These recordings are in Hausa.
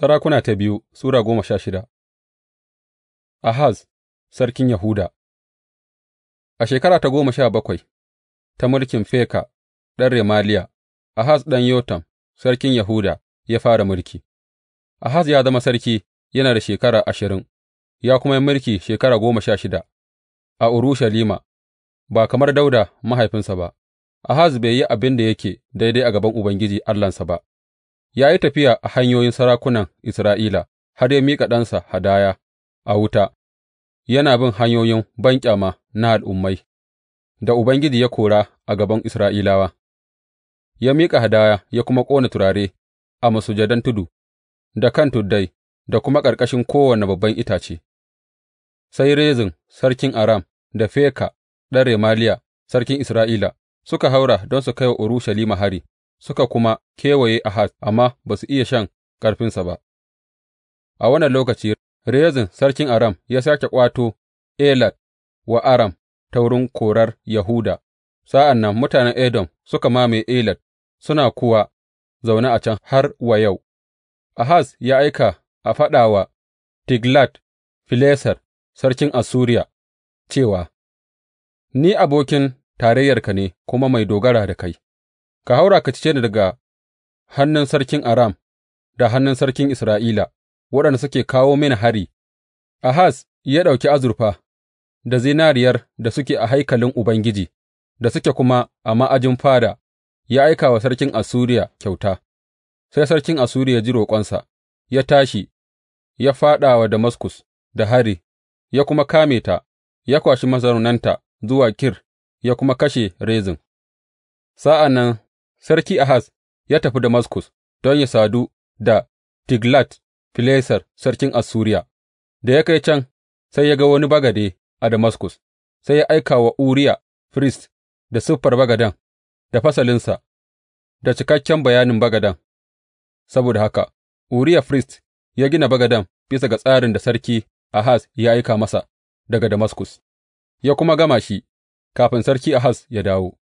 Sarakuna ta biyu Sura goma sha shida Ahaz sarkin Yahuda A shekara ta goma sha bakwai ta mulkin Feka ɗan Remaliya, Ahaz ɗan Yotam sarkin Yahuda ya fara mulki, Ahaz ya zama sarki yana da shekara ashirin, ya kuma yi mulki shekara goma sha shida a Urushalima, ba kamar Dauda mahaifinsa ba, Ahaz bai yi abin da yake daidai a gaban Ubangiji Allahnsa ba. Ya yi tafiya a hanyoyin sarakunan Isra'ila har ya miƙa ɗansa hadaya a wuta, yana bin hanyoyin banƙyama na al'ummai da Ubangiji ya kora a gaban Isra'ilawa, ya miƙa hadaya ya kuma ƙona turare a masujadan tudu, da kan tuddai, da kuma ƙarƙashin kowane babban itace, sai Rezin sarkin Aram da Feka ɗan Remaliya sarkin Isra'ila suka haura don su kai wa Urushalima hari. suka kuma kewaye Ahaz, amma ba su iya shan ƙarfinsa ba. A wannan lokaci, Rezin sarkin Aram ya sake ƙwato Elat wa Aram ta wurin korar Yahuda, sa'an nan mutanen Edom suka mamaye Elat, suna kuwa zaune a can har wa yau. Ahaz ya aika a faɗa wa Tiglat Fileser sarkin Assuriya cewa, Ni abokin tarayyarka ne kuma mai dogara da kai. Ka haura ka cece ni daga hannun sarkin Aram da hannun sarkin Isra'ila, waɗanda suke kawo mini hari.’ Ahaz ya ɗauki azurfa da zinariyar da suke a haikalin Ubangiji da suke kuma a ma'ajin fada, ya aika wa sarkin Assuriya kyauta, sai sarkin Assuriya ji roƙonsa, ya tashi, ya fāɗa wa Damaskus da hari, ya kuma kame ta, ya kwashi mazaunanta zuwa Kir, ya kuma kashe Rezin. Sa'an nan Sarki Ahaz ya tafi Damaskus don yă sadu da Tiglat Fileser sarkin Assuriya, da ya kai can sai ya ga wani bagade a Damaskus, sai ya aika wa Uriya firist da siffar bagaden, da fasalinsa, da cikakken bayanin bagaden. Saboda haka, Uriya firist ya gina bagaden bisa ga tsarin da sarki Ahaz ya aika masa daga Damaskus, ya kuma gama shi kafin sarki Ahaz ya dawo.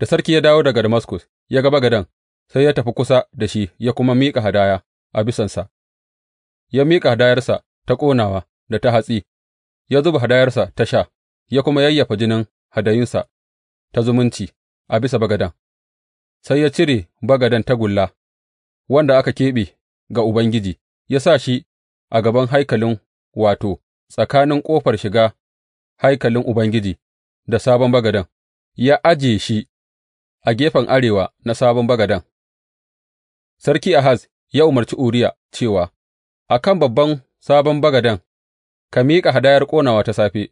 Da sarki ya dawo daga Damaskus ya ga bagaden, sai ya tafi kusa da shi ya kuma miƙa hadaya a bisansa, ya miƙa hadayarsa ta ƙonawa da ta hatsi, ya zuba hadayarsa ta sha, ya kuma yayyafa jinin hadayunsa ta zumunci a bisa bagaden, sai ya cire bagaden tagulla wanda aka keɓe ga Ubangiji, ya sa shi a gaban haikalin wato, tsakanin ƙofar shiga haikalin Ubangiji da sabon bagaden, ya ajiye shi a gefen arewa na sabon bagaden, Sarki Ahaz ya umarci Uriya cewa, A kan babban sabon bagaden, ka miƙa hadayar ƙonawa ta safe,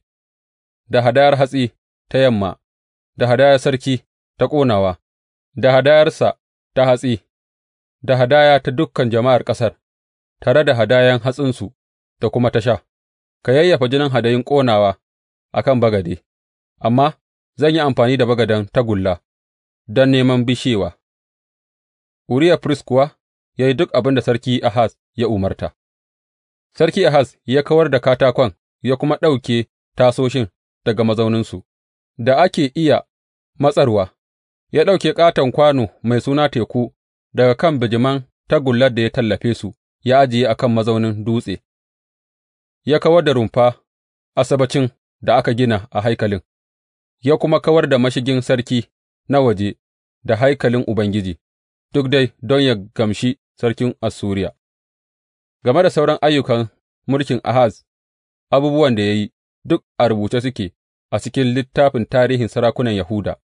da hadayar hatsi ta yamma, da hadayar sarki ta ƙonawa, da hadayarsa ta hatsi, da hadaya ta dukkan jama'ar ƙasar, tare da hadayan hatsinsu da kuma ta sha, ka yayyafa jinin hadayin ƙonawa a kan bagade, amma zan yi amfani da bagaden tagulla don neman bishewa, Uriya firist kuwa ya yi duk abin da sarki Ahaz ya umarta. Sarki Ahaz ya kawar da katakon ya kuma ɗauke tasoshin daga mazauninsu, da ake iya matsarwa, ya ɗauke ƙaton kwano mai suna teku daga kan bijiman tagullar da ya tallafe su ya ajiye a kan mazaunin dutse, ya kawar da rumfa asabacin da aka gina a haikalin, ya kuma kawar da mashigin sarki na waje da haikalin Ubangiji, duk dai don yă gamshi sarkin Assuriya. Game da sauran ayyukan mulkin Ahaz, abubuwan da ya yi, duk a rubuce suke a cikin littafin tarihin sarakunan Yahuda.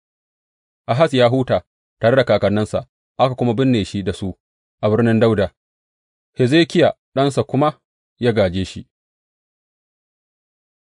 Ahaz ya huta tare da kakanninsa, aka kuma binne shi da su a birnin Dauda. Hezekiya ɗansa kuma ya gaje shi.